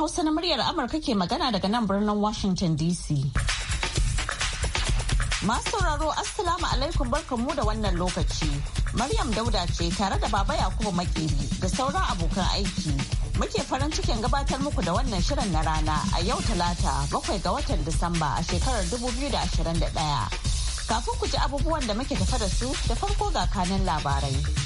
Hausa na muryar Amurka ke magana daga nan birnin Washington DC. Masu sauraro Assalamu alaikum barkanmu da wannan lokaci. Maryam Dauda ce tare da Baba Yakubu Makeri da sauran abokan aiki. Muke farin cikin gabatar muku da wannan shirin na rana a yau talata bakwai ga watan Disamba a shekarar 2021. Kafin ku ji abubuwan da muke tafa da su da farko ga kanin labarai.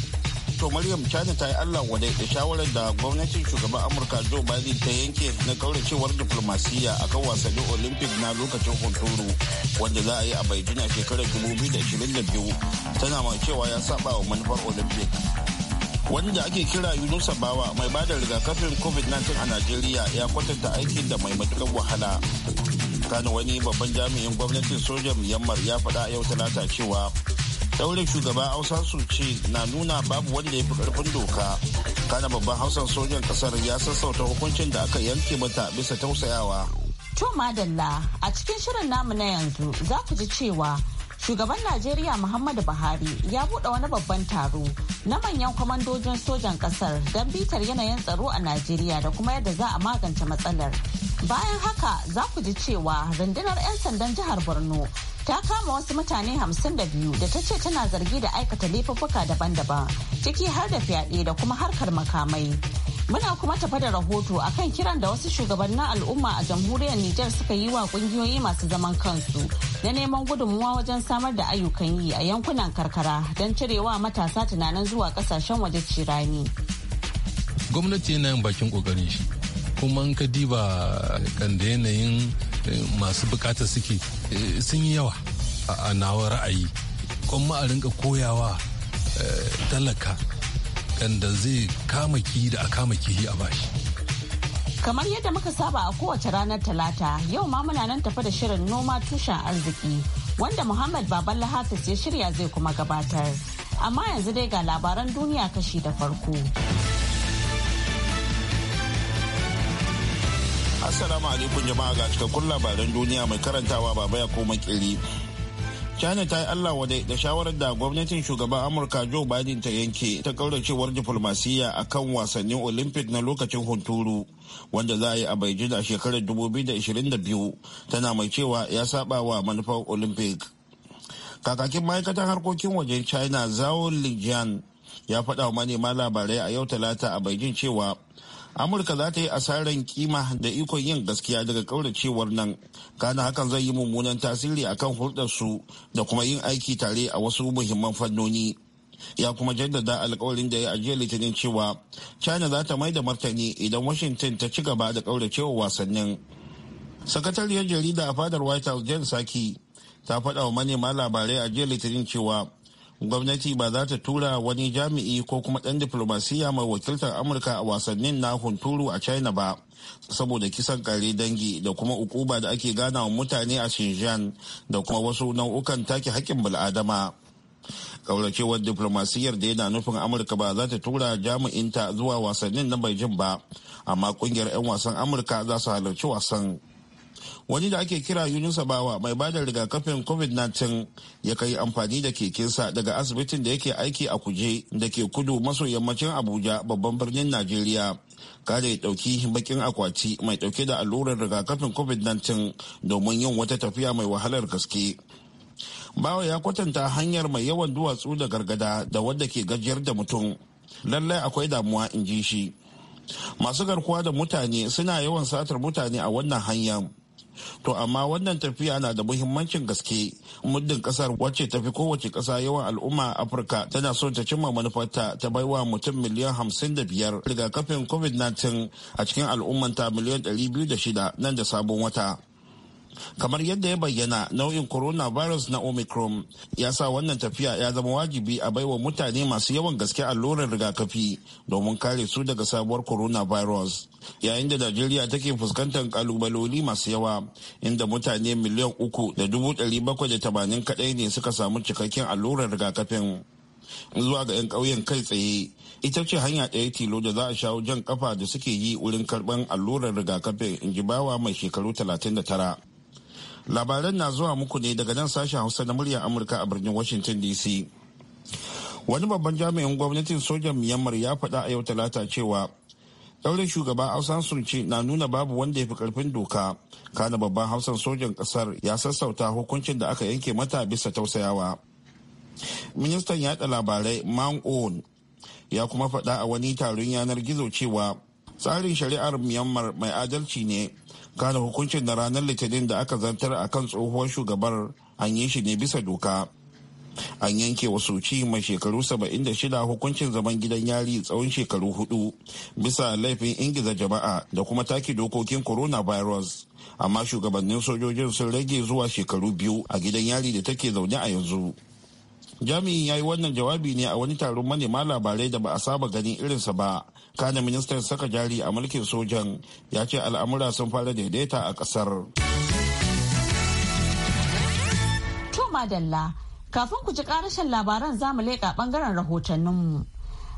to maryam china ta yi allah wadai da shawarar da gwamnatin shugaban amurka joe biden ta yanke na kauracewar diplomasiya a kan wasannin olympic na lokacin hunturu wanda za a yi a beijing a shekarar 2022 tana mai cewa ya saba wa manufar olympic wanda ake kira yunusa bawa mai bada rigakafin covid-19 a najeriya ya kwatanta aikin da mai matukar wahala kano wani babban jami'in gwamnatin sojan myanmar ya faɗa yau talata cewa daurin shugaba hausa su ce na nuna babu wanda ya fi karfin doka kana babban hausan sojan kasar ya sassauta hukuncin da aka yanke mata bisa tausayawa to madalla a cikin shirin namu na yanzu za ku ji cewa shugaban najeriya muhammadu buhari ya buɗe wani babban taro na manyan kwamandojin sojan kasar don bitar yanayin tsaro a najeriya da kuma yadda za a magance matsalar bayan haka za ku ji cewa rundunar 'yan sandan jihar borno ta kama wasu mutane 52 da ta ce tana zargi da aikata laifuffuka daban-daban ciki har da fyaɗe da kuma harkar makamai. Muna kuma tafa da rahoto akan kiran da wasu shugabannin al'umma a jamhuriyar Nijar suka yi wa ƙungiyoyi masu zaman kansu na neman gudunmuwa wajen samar da ayyukan yi a yankunan karkara don cirewa matasa tunanin zuwa kasashen waje cirani. Gwamnati yana yin bakin kokarin shi kuma ka diba kan da yanayin masu bukatar suke eh, sun yi yawa a nawa ra'ayi kuma a rinka koyawa eh, talaka da zai kama ki da a kama kihi a bashi kamar yadda muka saba a kowace ranar talata yau ma muna nan tafi da shirin noma tushen arziki wanda muhammad baban hafiz ya shirya zai kuma gabatar amma yanzu dai ga labaran duniya kashi da farko. Assalamu alaikum jama'a ga cikakkun labaran duniya mai karantawa baba ya koma kiri. China ta yi Allah wadai da shawarar da gwamnatin shugaban Amurka Joe Biden ta yanke ta kauracewar diflomasiyya a kan wasannin Olympic na lokacin hunturu wanda za a yi a Beijing a shekarar 2022 tana mai cewa ya saba wa manufar Olympic. Kakakin ma'aikatan harkokin wajen China Zhao Lijian ya faɗa wa manema labarai a yau talata a Beijing cewa amurka za ta yi asarar kima da ikon yin gaskiya daga kauracewar nan kana hakan zai yi mummunan tasiri akan hulɗarsu da kuma yin aiki tare a wasu muhimman fannoni ya kuma jaddada alkawarin da ya a jiya litinin cewa china za ta mai da martani idan washington ta ci gaba da kauracewa wasannin sakatariyar jarida a fadar white house jen saki ta faɗa wa manema labarai a jiya litinin cewa gwamnati ba za ta tura wani jami'i ko kuma ɗan diflomasiyya mai wakiltar amurka a wasannin na hunturu a china ba saboda kisan kare dangi da kuma ukuba da ake gana wa mutane a xinjiang da kuma wasu nau'ukan take hakkin bil'adama kauracewar diplomasiyar da yana nufin amurka ba za ta tura jami'inta zuwa wasannin na beijing ba amma kungiyar 'yan wasan amurka za su halarci wasan wani da ake kira yunusa bawa mai bada rigakafin covid-19 ya kai amfani da kekensa daga asibitin da yake aiki a kuje da ke kudu maso yammacin abuja babban birnin najeriya kada ya dauki bakin akwati mai dauke da allurar rigakafin covid-19 domin yin wata tafiya mai wahalar gaske bawa ya kwatanta hanyar mai yawan duwatsu da gargada da wadda ke gajiyar da mutum lallai akwai damuwa in ji shi masu garkuwa da mutane suna yawan satar mutane a wannan hanyar To amma wannan tafiya na da muhimmancin gaske muddin kasar wacce tafi kowace kasa yawan al'umma a Afirka tana so ta cimma manufarta ta bai wa mutum miliyan hamsin da biyar rigakafin COVID-19 a cikin al'ummanta miliyan ɗari biyu da shida nan da sabon wata. kamar yadda ya bayyana nau'in coronavirus na omicron ya sa wannan tafiya ya zama wajibi a baiwa mutane masu yawan gaske allurar rigakafi domin kare su daga sabuwar coronavirus yayin da najeriya take fuskantar kalubaloli masu yawa inda mutane miliyan uku da dubu dari bakwai da tamanin kadai ne suka samu cikakken allurar rigakafin zuwa ga 'yan ƙauyen kai tsaye ita ce hanya ɗaya tilo da za a shawo jan kafa da suke yi wurin karɓar allurar rigakafin in ji bawa mai shekaru tara. labaran na zuwa muku ne daga nan sashen hausa na murya amurka a birnin washington dc wani babban jami'in gwamnatin sojan myanmar ya faɗa a yau talata cewa ɗaurin shugaba hausan sunci na nuna babu wanda ya fi ƙarfin doka kana babban hausan sojan ƙasar ya sassauta hukuncin da aka yanke mata bisa tausayawa ministan yaɗa labarai man on ya kuma faɗa a wani taron yanar gizo cewa tsarin shari'ar myanmar mai adalci ne kada hukuncin na ranar litinin da aka zantar a kan tsohuwar shugabar an yi shi ne bisa doka an yanke wa soci mai shekaru 76 hukuncin zaman gidan yari tsawon shekaru hudu bisa laifin ingiza jama'a da kuma take dokokin corona virus amma shugabannin sojojin sun rage zuwa shekaru biyu a gidan yari da take zaune a yanzu jami'in ya yi wannan jawabi ne a wani taron manema labarai da ba a saba ganin irinsa ba kane ministan saka jari a mulkin sojan ya ce al'amura sun fara daidaita a kasar to madalla kafin ku ji ƙarashin labaran za zamu leƙa bangaren rahotanninmu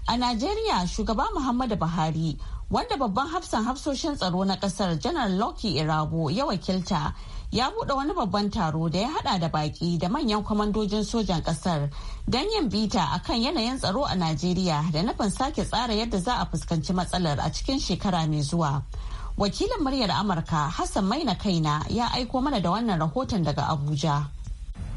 a najeriya shugaba muhammadu buhari wanda babban hafsan hafsoshin tsaro na kasar janar loki irabo ya wakilta ya buɗe wani babban taro da ya hada da baƙi da manyan kwamandojin sojan ƙasar don yin bita a kan yanayin tsaro a Najeriya da nufin sake tsara yadda za a fuskanci matsalar a cikin shekara mai zuwa. Wakilin muryar Amurka Hassan Maina Kaina ya aiko mana da wannan rahoton daga Abuja.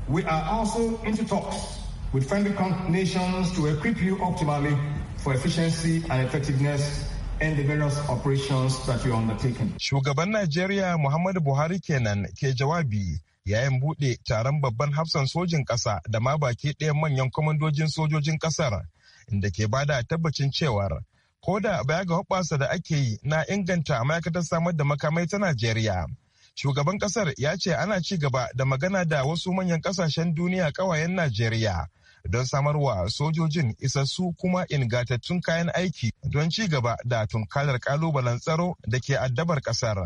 We are also into talks with friendly nations to equip you optimally for efficiency and effectiveness and the various operations that you undertaking. Shugaban Najeriya Muhammadu Buhari kenan ke jawabi yayin bude taron babban hafsan sojin kasa da ma baki ɗayan manyan kwamandojin sojojin kasar inda ke bada tabbacin cewar ko da baya ga hoɓɓasa da ake yi na inganta ma'aikatar samar da makamai ta Najeriya. Shugaban kasar ya ce ana ci gaba da magana da wasu manyan ƙasashen duniya ƙawayen Najeriya don samarwa sojojin isassu kuma ingantattun kayan aiki don ci gaba da tunkarar kalubalen tsaro da ke addabar kasar.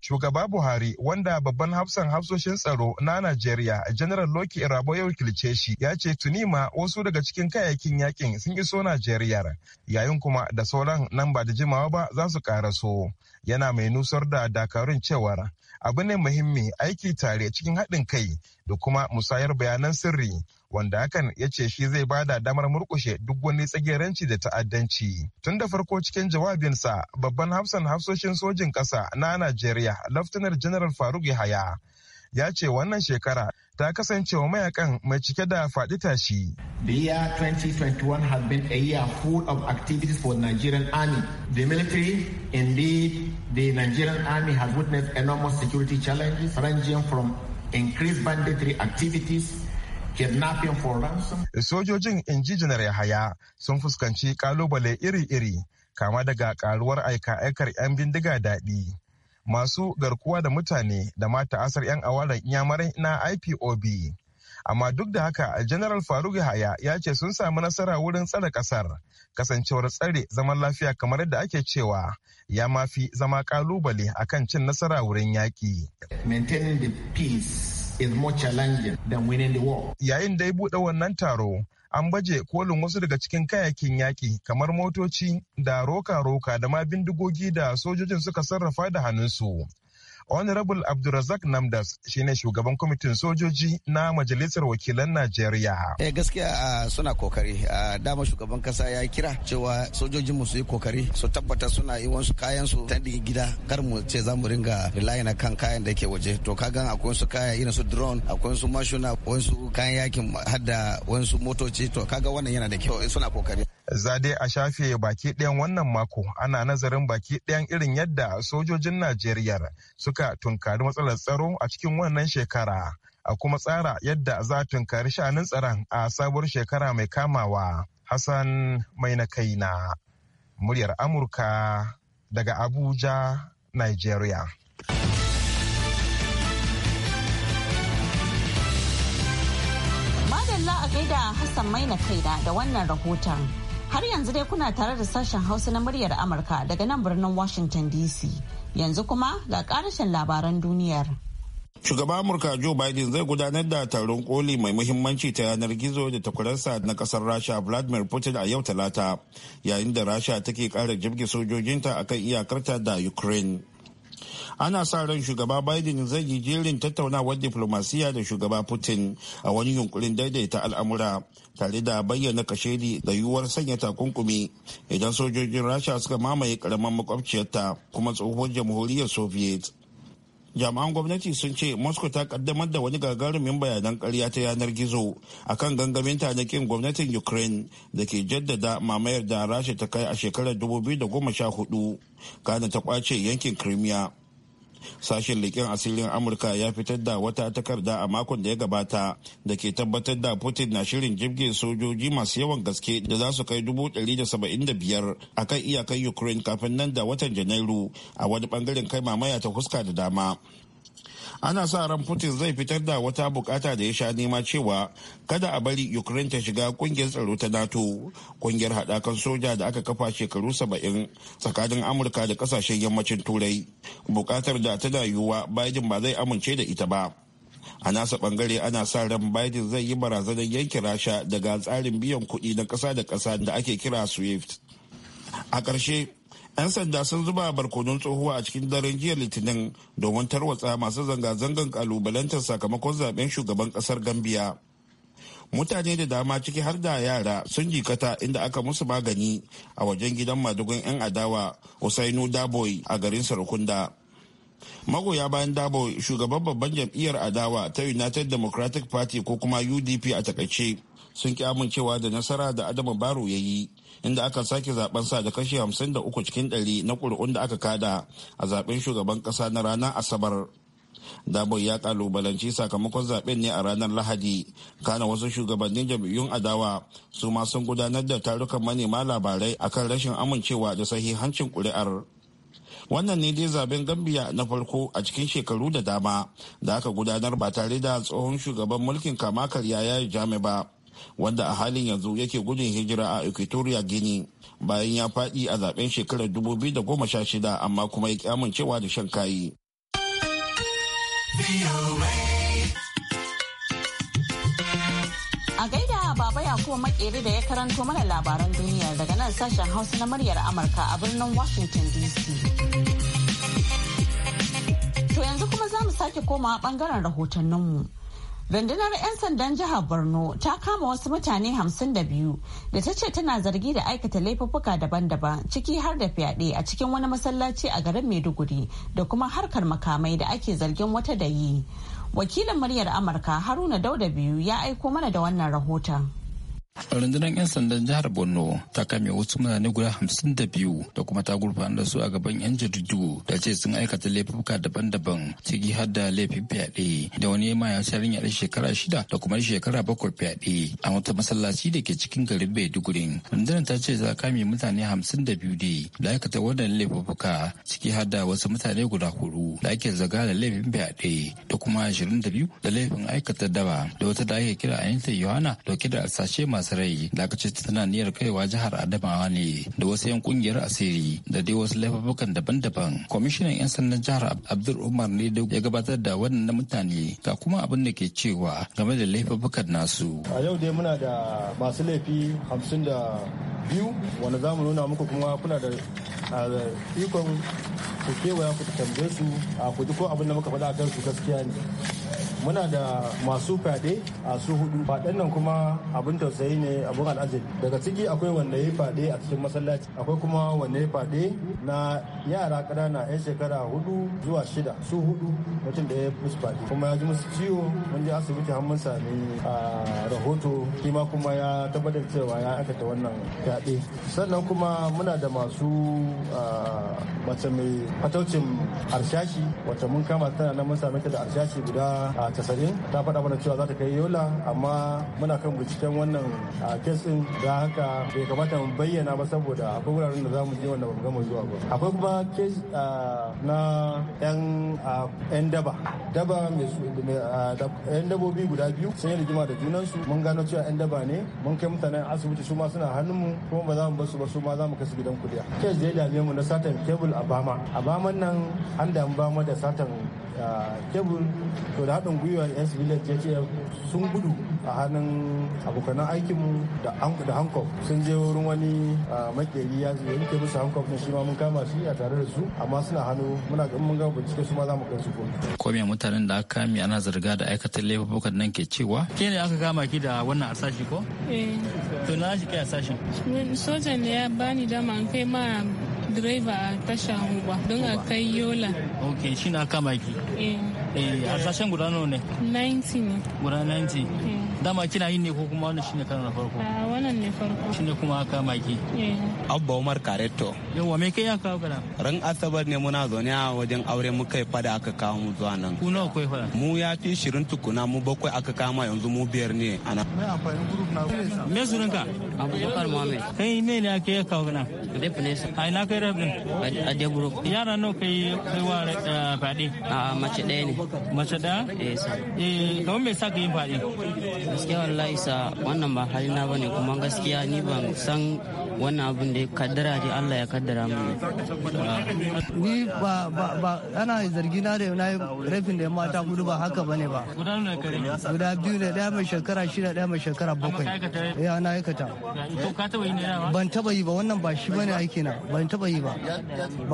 Shugaba Buhari wanda babban hafsan hafsoshin tsaro na Najeriya General Loki Irabo ya wakilce shi ya ce Tunima wasu daga cikin kayayyakin yakin sun iso Najeriya yayin kuma da sauran nan ba da jimawa ba za su karaso. yana mai nusar da dakarun cewar abu ne muhimmi aiki tare cikin haɗin kai da kuma musayar bayanan sirri wanda hakan ya ce shi zai ba da damar murkushe duk wani tsageranci da ta'addanci. Tun da farko cikin jawabinsa babban hafsan hafsoshin sojin ƙasa na Najeriya Laftanar General Faruk Yahaya ya ce wannan shekara ta kasance wa mayakan mai cike da faɗi tashi. The year 2021 has been a year full of activities for the Nigerian army. The military, indeed, the Nigerian army has witnessed enormous security challenges ranging from increased banditry activities kidnapping for ransom. Sojojin inji janar Yahaya sun fuskanci kalubale iri-iri kama daga karuwar aika-aikar 'yan bindiga daɗi masu garkuwa da mutane da mata asar 'yan awaran inyamarai na ipob amma duk da haka general faruk yahaya ya ce sun samu nasara wurin tsare kasar kasancewar tsare zaman lafiya kamar yadda ake cewa ya mafi zama kalubale kan cin nasara wurin yaƙi. Yayin da ya buɗe wannan taro, an baje kolin wasu daga cikin kayayyakin yaƙi kamar motoci da roka-roka da ma bindigogi da sojojin suka sarrafa da hannunsu Honorable Abdulrazak Namdas shine shugaban kwamitin sojoji na Majalisar Wakilan Najeriya. Eh gaskiya ah, suna kokari. Ah, dama shugaban kasa ya kira cewa sojojin mu su yi kokari su tabbata suna yi wasu kayan su ta gida kar mu ce za mu ringa relying na kan kayan da ke waje. To ka gan akwai su kaya irin su drone, akwai su mashina, wasu kayan yakin hadda wasu motoci to kaga wannan yana da kyau eh, suna kokari. zade a shafe baki ɗayan wannan mako ana nazarin baki ɗayan irin yadda sojojin najeriya suka tunkari matsalar tsaro a cikin wannan shekara a kuma tsara yadda za a tunkari shanun tsaron a sabuwar shekara mai kamawa hassan mai na kaina muryar amurka daga abuja nigeria madalla a gaida hassan mai na kaina da wannan rahoton Har yanzu dai kuna tare da sashen Hausa na muryar Amurka daga nan birnin Washington DC. Yanzu kuma ga karashin labaran duniyar. shugaba Amurka Joe Biden zai gudanar da taron koli mai muhimmanci ta yanar gizo da takwararsa na kasar Rasha Vladimir Putin a yau Talata, yayin da Rasha take kara jirgin sojojinta akan iyakarta da Ukraine. ana sa ran shugaba biden zai yi jerin tattaunawar diplomasiya da shugaba putin a wani yunkurin daidaita al'amura tare da bayyana kashedi da yiwuwar sanya takunkumi idan sojojin rasha suka mamaye karamar makwabciyarta kuma tsohuwar jamhuriyar soviet jami'an gwamnati sun ce moscow ta kaddamar da wani gagarumin bayanan karya ta yanar gizo akan gangamin tanakin gwamnatin ukraine da ke jaddada mamayar da rasha ta kai a shekarar 2014 kana ta kwace yankin crimea sashen leƙen asirin amurka ya fitar da wata takarda a makon da ya gabata da ke tabbatar da putin na shirin jirgin sojoji masu yawan gaske da za su kai dubu ɗari da saba'in da biyar a kan iyakar ukraine kafin nan da watan janairu a wani bangaren kai mamaya ta fuska da dama ana sa ran putin zai fitar da wata bukata da ya sha nema cewa kada a bari ukraine ta shiga kungiyar tsaro ta nato kungiyar haɗakan soja da aka kafa shekaru saba'in tsakanin amurka da kasashen yammacin turai bukatar da tana yiwuwa biden ba zai amince da ita ba a nasa bangare ana sa ran biden zai yi barazanar yanke rasha daga tsarin biyan kuɗi na ƙasa da ƙasa da ake kira swift a ƙarshe 'yan sanda sun zuba barkonon tsohuwa a cikin daren jiya litinin domin tarwatsa masu zanga-zangan kalubalantar sakamakon zaben shugaban kasar gambia mutane da dama ciki har da yara sun jikata inda aka musu magani a wajen gidan madugun 'yan adawa usainu daboy a garin sarkunda magoya bayan daboy shugaban babban jam'iyyar adawa ta united democratic party ko kuma udp a takaice sun ki amincewa da nasara da Adamu baro ya yi inda aka sake zaben sa da kashi uku cikin 100 na kuri'un da aka kada a zaben shugaban ƙasa na ranar asabar dabo ya kalubalanci sakamakon zaben ne a ranar lahadi kana wasu shugabannin jam'iyyun adawa su ma sun gudanar da tarukan manema labarai akan rashin amincewa da sahihancin kuri'ar wannan ne dai zaben gambia na farko a cikin shekaru da dama da aka gudanar ba tare da tsohon shugaban mulkin kama karya ya jami ba wanda a halin yanzu yake gudun hijira a equatoria guinea bayan ya faɗi a zaben shekarar 2016 amma kuma ya cewa da shan kayi a gaida baba kuma makeri da ya karanto mana labaran duniya daga nan sashen hausa na muryar amurka a birnin washington dc To yanzu kuma za mu sake komawa bangaren rahotanninmu. rundunar 'yan sandan jihar borno ta kama wasu mutane 52 da ta ce tana zargi da aikata laifuffuka daban-daban ciki har da fyaɗe a cikin wani masallaci a garin maiduguri da kuma harkar makamai da ake zargin wata da yi wakilin muryar amurka haruna dauda biyu ya aiko mana da wannan rahoton rundunar 'yan sandan jihar borno ta kame wasu mutane guda hamsin da biyu da kuma ta gurfana da su a gaban 'yan jaridu da ce sun aikata laifuka daban-daban ciki har da laifin fyaɗe da wani ya ya sarin yaɗa shekara shida da kuma shekara bakwai fyaɗe a wata masallaci da ke cikin garin maiduguri rundunar ta ce ta kame mutane hamsin da biyu ne da aikata wannan laifuka ciki har da wasu mutane guda huɗu da ake zaga da laifin fyaɗe da kuma ashirin da biyu da laifin aikata daba da wata da ake kira a yankin yohana dauke da alsashe masu masu rai da tana niyyar kaiwa jihar Adamawa ne da wasu 'yan kungiyar asiri da dai wasu laifukan daban-daban. Kwamishinan 'yan sandan jihar Abdul Umar ne da ya gabatar da wannan mutane ga kuma abin da ke cewa game da laifukan nasu. A yau dai muna da masu laifi hamsin da biyu wanda za mu nuna muku kuma kuna da ikon ku kewaya ku tambaye su a ku ko abin da muka faɗa a kansu gaskiya ne. muna da masu fyaɗe a su hudu faɗen nan kuma abin tausayi ne abin al'ajabi daga ciki akwai wanda ya faɗe a cikin masallaci akwai kuma wanda ya faɗe na yara na 'yan shekara hudu zuwa shida su hudu mutum da ya musu faɗe kuma ya ji musu ciwo mun je asibiti har mun sami rahoto kima kuma ya tabbatar cewa ya aikata wannan fyaɗe sannan kuma muna da masu mace mai fataucin arshashi wacce mun kama tana nan mun same ta da arshashi guda casa'in ta faɗa mana cewa za ta kai yola amma muna kan binciken wannan kes ɗin da haka bai kamata mu bayyana ba saboda akwai wuraren da za mu je wanda ba mu gama zuwa ba akwai kuma kes na yan daba daba yan dabobi guda biyu sun yi rigima da junansu mun gano cewa yan daba ne mun kai mutanen asibiti su ma suna hannunmu kuma ba za mu basu ba su ma za mu kasu gidan kudiya kes da ya dame mu na satan kebul a bama a baman nan an damu bama da satan kebul to da haɗin gwiwa yan civilian ce sun gudu a hannun abokanan aikinmu da hankok sun je wurin wani makeri ya yanke musu hankok na shi ma mun kama shi a tare da su amma suna hannu muna ga mun ga bincike su ma za mu kai su kuma. ko me mutanen da aka kame ana zarga da aikatar laifukan nan ke cewa ke ne aka kama ki da wannan arsashi ko eh to na shi kai arsashin sojan ne ya bani dama kai ma direba a tashan uba don a kai yola ok shi na kama ki eh. eh harsashen guda nawa ne 90 ne guda 90 eh. dama kina yin ne ko kuma wannan shine karo farko a ah, wannan ne farko shine kuma aka maki eh. abba umar kareto yawa me kai aka kana ran asabar ne muna zaune a wajen aure muka yi fada aka kawo mu zuwa nan ku nawa kai fada mu ya fi shirin tukuna mu bakwai aka kama yanzu mu biyar ne ana me amfanin group na me sunanka abubakar muhammad kai me ne aka ya kawo kana rep ne ai na kai rep ne a deburo yara nawa kai kai wa eh, fadi a ah, mace ɗaya ne mace da eh sa eh kamar me sa ka fadi gaskiya wallahi sa wannan ba halina bane kuma gaskiya ni ban san wannan abin da ya kaddara dai Allah ya kaddara mu ni ba ba ana zargi na da na rafin da mata gudu ba haka bane ba guda biyu ne daya mai shekara shida daya mai shekara bakwai ya eh, na aikata ban taba yi ba wannan ba shi bane aiki na ban taba yi ba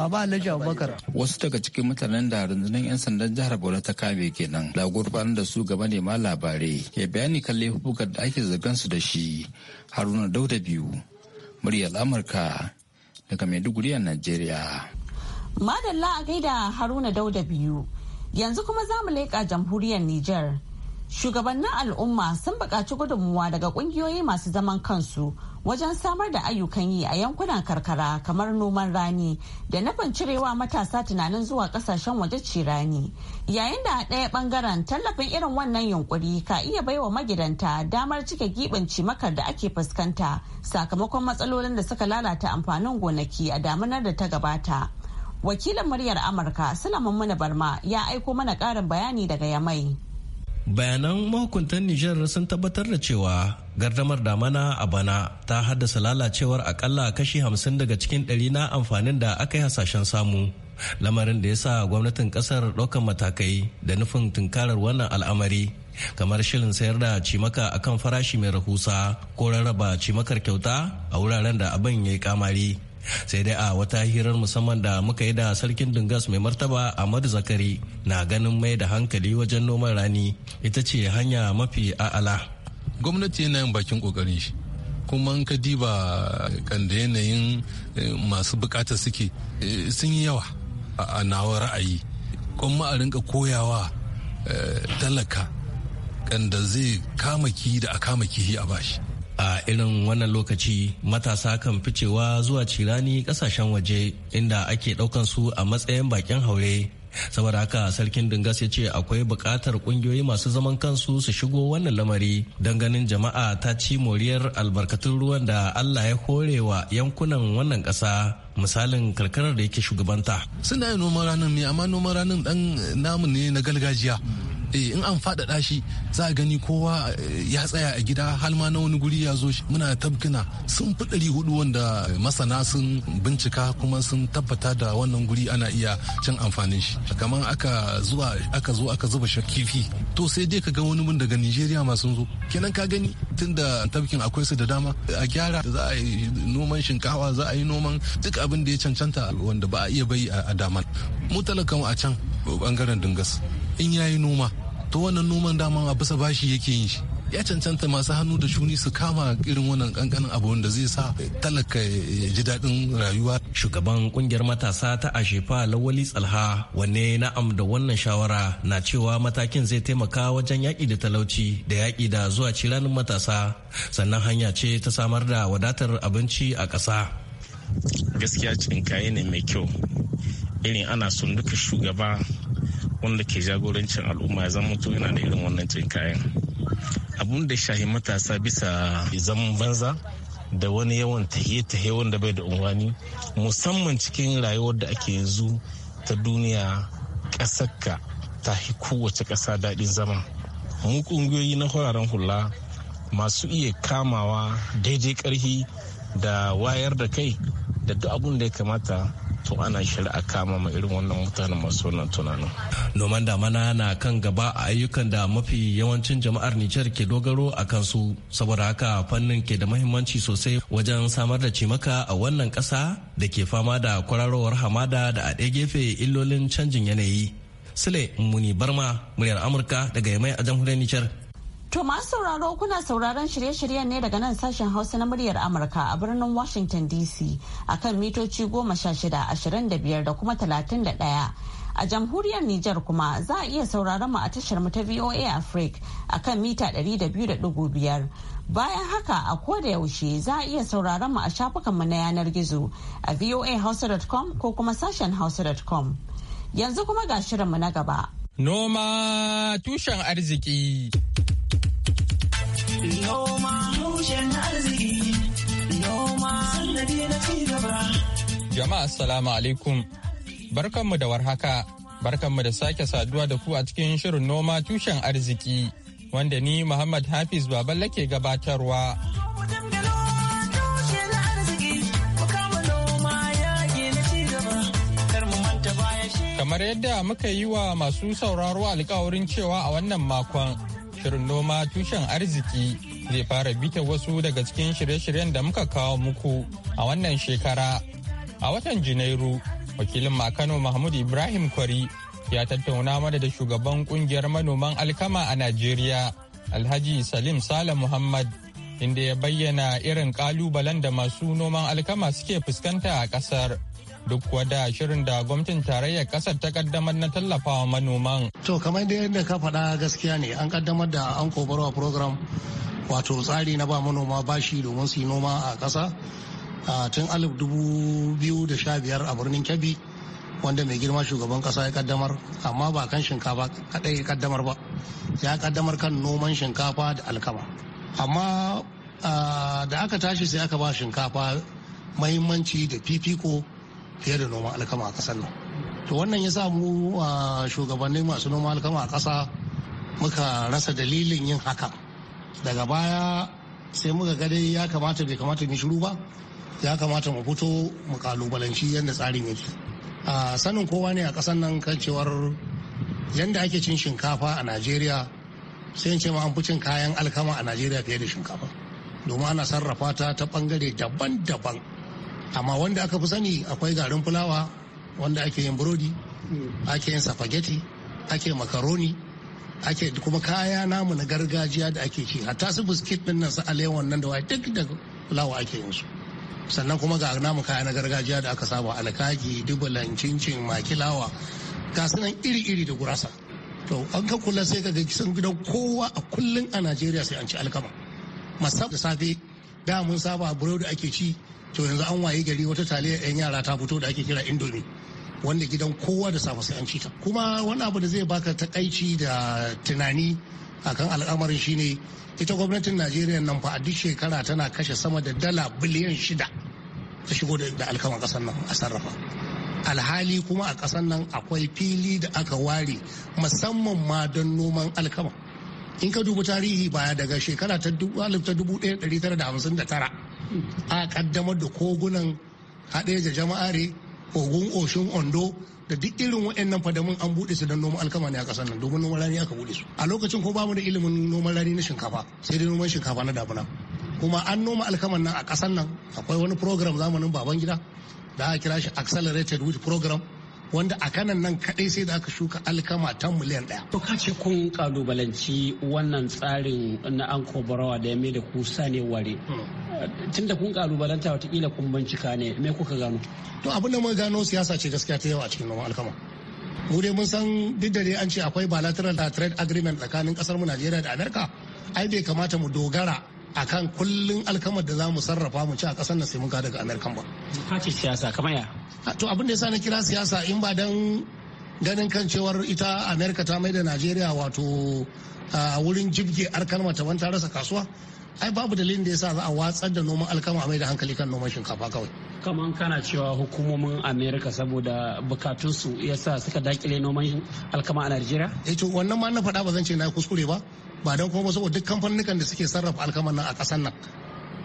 baba Alhaji Abubakar wasu daga cikin mutanen da rundunar yan sandan jihar Borno ta kame kenan da gurfanar da su gaba ne ma labarai ya bayani kan laifukan da ake zargansu su da shi Haruna Dauda biyu muryar amurka daga maiduguri a najeriya madalla a gaida haruna dauda biyu yanzu kuma za mu leƙa jamhuriyar Nijar. shugabannin al'umma sun buƙaci gudunmuwa daga ƙungiyoyi masu zaman kansu wajen samar da ayyukan yi a yankunan karkara kamar noman rani da nufin cirewa matasa tunanin zuwa kasashen waje ci rani yayin da a ɗaya ɓangaren tallafin irin wannan yunkuri ka iya baiwa magidanta damar cike giɓin cimakar da ake fuskanta sakamakon matsalolin da suka lalata amfanin gonaki a damunar da ta gabata wakilin muryar amurka sulaiman mana barma ya aiko mana ƙarin bayani daga yamai bayanan mahukuntan nijar sun tabbatar da cewa gardamar damana a bana ta haddasa lalacewar akalla kashi hamsin daga cikin ɗari na amfanin da aka yi hasashen samu lamarin da ya sa gwamnatin ƙasar ɗaukan matakai da nufin tunkarar wannan al'amari kamar shirin sayar da cimaka akan farashi mai rahusa ko rarraba cimakar kyauta a wuraren da abin ya yi kamari sai dai a wata hirar musamman da muka yi da sarkin dungas mai martaba ahmadu zakari na ganin mai da hankali wajen noman rani ita ce hanya mafi a'ala gwamnati yana yin bakin kokarin shi kuma ka diba kan da yanayin eh, masu bukata suke eh, sun yi yawa a nawa ra'ayi kuma a rinka koyawa eh, talaka kan da zai kama ki da a kama kihi a bashi a irin wannan lokaci matasa kan ficewa zuwa cirani kasashen waje inda ake ɗaukan su a matsayin bakin haure saboda haka sarkin dingas ya ce akwai bukatar ƙungiyoyi masu zaman kansu su shigo wannan lamari don ganin jama'a ta ci moriyar albarkatun ruwan da allah ya hore wa yankunan wannan kasa misalin karkarar da yake shugabanta suna yin noman ranar ne amma noman ranar dan namu ne na gargajiya Eh, in an faɗaɗa shi za a gani kowa eh, ya tsaya a gida har ma na wani guri ya zo shi muna tabkina sun fi ɗari hudu wanda masana sun bincika kuma sun tabbata da wannan guri ana iya cin amfanin shi kamar aka zuwa aka zo aka zuba kifi to sai dai ka ga wani mun daga nigeria ma sun zo kenan ka gani tun da tabkin akwai su da dama a gyara za a yi noman shinkawa za a yi noman duk abin da ya cancanta wanda ba a iya bai a daman mu talakan a can bangaren dungas in yayi noma to wannan noman daman a bisa bashi yake yin shi ya cancanta masu hannu da shuni su kama irin wannan kankanin abu da zai sa talaka ya ji daɗin rayuwa. Shugaban kungiyar matasa ta Ashefa Lawali Tsalha wanne na'am da wannan shawara na cewa matakin zai taimaka wajen yaƙi da talauci da yaƙi da zuwa ciranin matasa sannan hanya ce ta samar da wadatar abinci a ƙasa. Gaskiya cinkaye ne mai kyau irin ana son duka shugaba wanda ke jagorancin al'umma ya zama to yana da irin wannan cin kayan abun da shahi matasa bisa zaman banza da wani yawan tahiye-tahiye wanda bai da unwani musamman cikin rayuwar da ake yanzu ta duniya ƙasarka ta fi kowace ƙasa daɗin zama mu ƙungiyoyi na huraren hula masu iya kamawa daidai ƙarfi da wayar da kai da duk abun da ya kamata to ana shirya a kama ma irin wannan mutanen masu wannan tunanin. Noman damana na kan gaba a ayyukan da mafi yawancin jama'ar Nijar ke dogaro a kansu saboda haka fannin ke da mahimmanci sosai wajen samar da cimaka a wannan kasa da ke fama da kwararowar hamada da a ɗaya gefe illolin canjin yanayi. Sule Muni Barma, muryar Amurka daga Yamai a jamhuriyar Nijar. To masu sauraro kuna sauraron shirye-shiryen ne daga nan sashen Hausa na muryar Amurka a birnin Washington DC kan mitoci goma sha shida ashirin da biyar da kuma talatin da ɗaya. A jamhuriyar Nijar kuma za a iya sauraron mu a tashar mu ta VOA Africa a kan mita ɗari da biyu da ɗigo biyar. Bayan haka a koda yaushe za a iya sauraron mu a shafukan mu na yanar gizo a voahausa.com ko kuma sashen hausa.com. Yanzu kuma ga shirin mu na gaba. Noma tushen arziki. Noma tushen arziki. Noma na cigaba. Jama'a Salamu alaikum. Barkanmu da warhaka. Barkanmu da sake saduwa da ku a cikin shirin noma tushen arziki wanda ni Muhammad Hafiz Baballe ke gabatarwa. Kamar yadda muka yi wa masu sauraro alkawarin cewa a wannan makon shirin noma tushen arziki zai fara bita wasu daga cikin shirye-shiryen da muka kawo muku a wannan shekara. A watan Janairu, wakilin Makano Mahmud Ibrahim Kwari ya tattauna mana da shugaban kungiyar manoman alkama a Najeriya, Alhaji Salim Sale Muhammad, inda ya bayyana irin kalubalen da masu noman alkama suke fuskanta a ƙasar. duk kuwa da shirin da gwamnatin tarayyar kasar ta kaddamar na tallafawa manoman. To kamar da yadda ka faɗa gaskiya ne an kaddamar da an kobarwa program wato tsari na ba manoma bashi domin su yi noma a ƙasa tun alif dubu biyu da sha biyar a birnin Kebbi wanda mai girma shugaban ƙasa ya kaddamar amma ba kan shinkafa kaɗai ya kaddamar ba ya kaddamar kan noman shinkafa da alkama amma da aka tashi sai aka ba shinkafa mahimmanci da fifiko fiye da noman alkama a ƙasar nan to wannan ya sa mu shugabanni masu noman alkama a ƙasa muka rasa dalilin yin haka daga baya sai muka ga dai ya kamata bai kamata mu shiru ba ya kamata mu fito mu kalubalanci yadda tsarin yake a sanin kowa ne a ƙasar nan kan cewar yadda ake cin shinkafa a najeriya sai in ce ma an fi cin kayan alkama a najeriya fiye da shinkafa domin ana sarrafa ta ta bangare daban-daban amma wanda aka fi sani akwai garin fulawa wanda ake yin burodi ake yin spaghetti ake makaroni ake kuma kaya namu na gargajiya da ake ci hatta su biskit din nan su alewan nan da duk da fulawa ake yin su sannan kuma ga namu kaya na gargajiya da aka saba alkaki dubulan cincin makilawa ga sunan iri-iri da gurasa to an ka kula sai ka ga kisan gidan kowa a kullun a najeriya sai an ci alkama musamman da safe da mun saba burodi ake ci to yanzu an waye gari wata taliyar yan yara ta fito da ake kira indomi wanda gidan kowa da safe sai an ci ta kuma wani abu da zai baka takaici da tunani akan al'amarin shine ita gwamnatin najeriya nan fa a duk shekara tana kashe sama da dala biliyan shida ta shigo da alkaman kasar nan a sarrafa alhali kuma a kasar nan akwai fili da aka ware musamman ma don noman alkama in ka duba tarihi baya daga shekara ta 1959 a kaddamar da kogunan haɗeja jama'are kogun oshin ondo da duk irin waɗannan fadamin an buɗe su don noman alkama ne a ƙasar nan domin noman rani aka buɗe su a lokacin ko bamu da ilimin noman rani na shinkafa sai dai noman shinkafa na damuna kuma an noma alkaman nan a ƙasar nan akwai wani program zamanin baban gida da aka kira shi accelerated with program wanda a kanan nan kaɗai sai da aka shuka alkama ta miliyan ɗaya. To ka ce kun kalubalanci wannan tsarin na an kobarawa da ya mai da kusa ne ware. Hmm. Tun da kun kalubalanta watakila kun bincika ne me kuka gano? To abin da mun gano siyasa ce gaskiya ta yawa a cikin noman alkama. Mu dai mun san duk da dai an ce akwai bilateral trade agreement tsakanin kasar mu Najeriya da Amerika. Ai bai kamata mu dogara akan kullun alkamar da za mu sarrafa mu ci a ƙasar nan sai mun ka daga amerikan ba ka ce siyasa kamar ya to abin da yasa na kira siyasa in ba dan ganin kan cewar ita amerika ta mai da najeriya wato a wurin jibge alkalma ta ta rasa kasuwa ai babu dalilin da yasa za a watsar da noman alkama mai da hankali kan noman shinkafa kawai kaman kana cewa hukumomin amerika saboda bukatunsu yasa suka dakile noman alkama a najeriya eh to wannan ma na faɗa ba zan ce na kuskure ba ba don kuma saboda duk kamfanin da suke sarrafa alkaman nan a ƙasar nan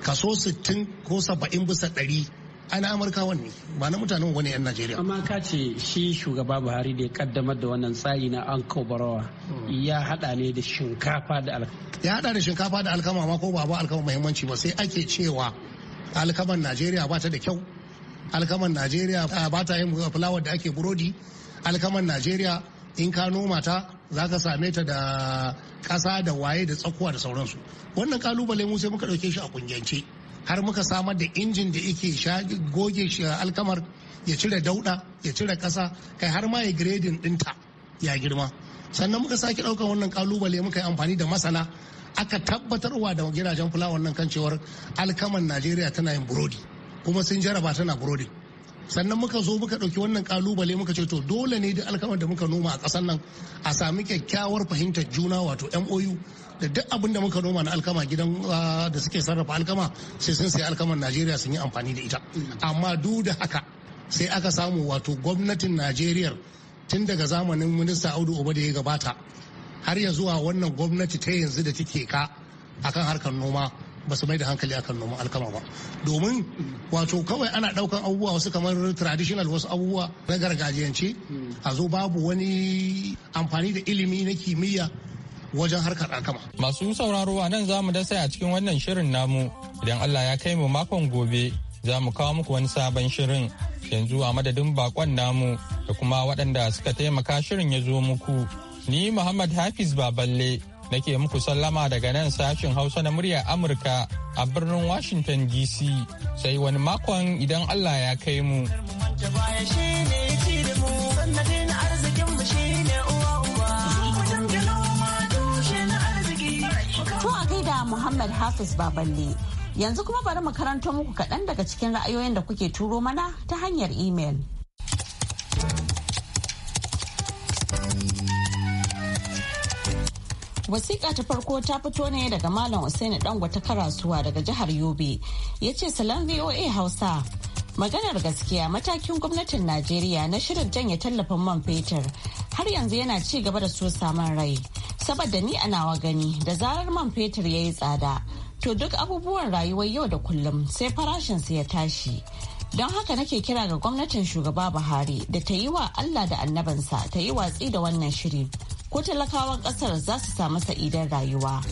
kaso 60 ko 70 bisa ɗari ana amurkawan ne ba na mutanen wani 'yan najeriya amma ka ce shi shugaba buhari da ya kaddamar da wannan tsari na an barawa ya hada ne da shinkafa da alkama ya hada da shinkafa da alkama ma ko ba ba alkama muhimmanci ba sai ake cewa alkaman najeriya ba ta da kyau alkaman najeriya ah, ba ta yin ah, fulawar da ake burodi alkaman najeriya in ka noma ta za ka same ta da ƙasa da waye da tsakuwa da sauransu wannan kalubale mu sai muka ɗauke shi a kungiyance har muka samar da injin da yake goge shi uh, alkamar ya cire dauɗa ya cire kasa kai har ma ya gredin ɗinta ya girma sannan muka sake ɗaukar wannan kalubale muka yi amfani da masana aka tabbatarwa da gidajen fulawar nan kan cewar alkaman najeriya tana yin burodi kuma sun jaraba tana burodi sannan muka zo muka ɗauki wannan kalubale muka ce to dole ne duk alkamar da muka noma a ƙasar nan a sami kyakkyawar fahimtar juna wato MOU da duk abin da muka noma na alkama gidan ah, da suke sarrafa alkama sai sun sayi alkamar Najeriya sun yi amfani da ita amma duk da haka sai aka samu wato gwamnatin Najeriya tun daga zamanin minista Audu Oba da ya gabata har ya zuwa wannan gwamnati ta yanzu da take ka akan harkar noma ba su mai da hankali akan noman alkama ba domin wato kawai ana daukan abubuwa wasu kamar traditional wasu abubuwa na gargajiyance a zo babu wani amfani da ilimi na kimiyya wajen harkar alkama. Masu sauraro a nan zamu dasa a cikin wannan shirin namu idan Allah ya kai mu makon gobe za mu kawo muku wani sabon shirin yanzu a madadin bakon namu da kuma waɗanda suka taimaka shirin ya zo muku. Ni Muhammad Hafiz Baballe nake muku sallama daga nan sashin hausa na murya amurka a birnin washington dc sai wani makon idan allah ya kai mu a gaida muhammad hafiz baballe yanzu kuma bari mu karanto muku kaɗan daga cikin ra'ayoyin da kuke turo mana ta hanyar imel. wasiƙa ta farko ta fito ne daga malam usaini dangwata karasuwa daga jihar yobe ya ce salon voa hausa maganar gaskiya matakin gwamnatin najeriya na shirin janye tallafin man fetur har yanzu yana ci gaba da so saman rai saboda ni a nawa gani da zarar man fetur ya yi tsada to duk abubuwan rayuwar yau da kullum sai farashinsu ya tashi don haka nake kira ga gwamnatin shugaba buhari da ta yi wa allah da annabansa ta yi watsi da wannan shiri ko talakawan kasar za su samu sa'idar rayuwa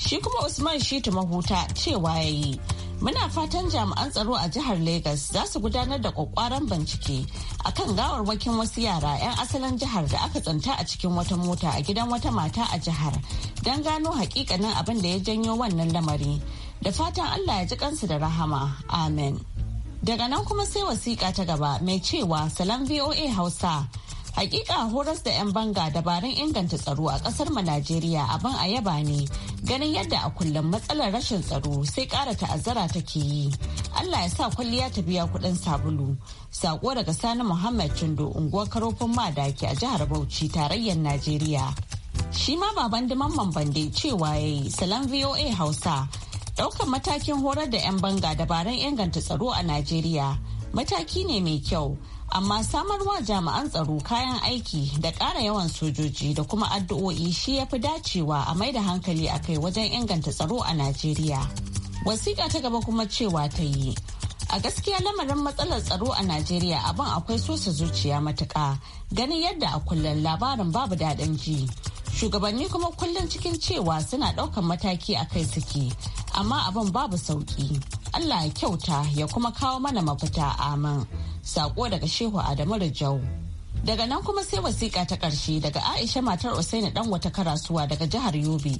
shi kuma usman shitu mahuta cewa ya yi muna fatan jami'an tsaro a jihar legas za su gudanar da kwakwaran bincike A kan gawarwakin wasu yara 'yan asalin jihar da aka tsinta a cikin wata mota a gidan wata mata a jihar don gano hakikanin abin da ya janyo wannan lamari da fatan allah ya ji kansu da rahama amen daga nan kuma sai wasiƙa ta gaba mai cewa salon voa hausa Hakika horas da 'yan banga dabarun inganta tsaro a kasar mu Najeriya abin a yaba ne ganin yadda a kullum matsalar rashin tsaro sai ƙara ta'azzara take yi. Allah ya sa kwalliya ta biya kuɗin sabulu. Sako daga Sani Muhammad Chindo unguwar Karofin Madaki a jihar Bauchi tarayyar Najeriya. Shi ma baban Mamman Bande cewa yayi salon VOA Hausa. daukan matakin horar da 'yan banga dabarun inganta tsaro a Najeriya mataki ne mai kyau amma samarwa jami'an tsaro kayan aiki da ƙara yawan sojoji da kuma addu'o'i shi ya fi dacewa a mai da hankali a kai wajen inganta tsaro a najeriya wasiƙa ta gaba kuma cewa ta yi a gaskiya lamarin matsalar tsaro a najeriya abin akwai sosa zuciya matuƙa ganin yadda a kullum labarin babu daɗin ji shugabanni kuma kullum cikin cewa suna ɗaukan mataki a kai suke amma abin babu sauƙi allah ya kyauta ya kuma kawo mana mafita amin sako daga shehu adamu rijau daga nan kuma sai wasiƙa ta ƙarshe daga aisha matar usaini dan wata karasuwa daga jihar yobe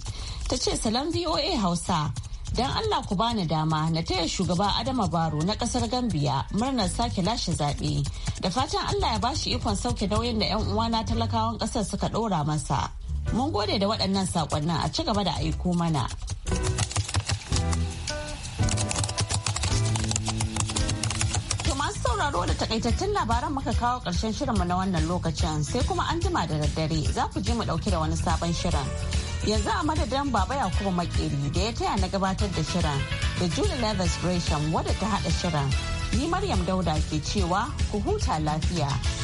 ta ce salon voa hausa dan Allah ku bani dama na taya shugaba Adama Baro na ƙasar Gambia murnar sake lashe zaɓe. Da fatan Allah ya bashi ikon sauke nauyin da 'yan uwana talakawan ƙasar suka ɗora masa. Mun gode da waɗannan saƙonnin a ci gaba da aiko mana. sauraro da takaitattun labaran muka kawo ƙarshen shirinmu na wannan lokacin sai kuma an jima da daddare za ku ji mu ɗauki da wani sabon shirin. Yanzu a madadin Baba Yakubu Makeri da ya taya na gabatar da shirin da Julie Levis Gresham wadda ta haɗa shirin. Ni Maryam Dauda ke cewa ku huta lafiya.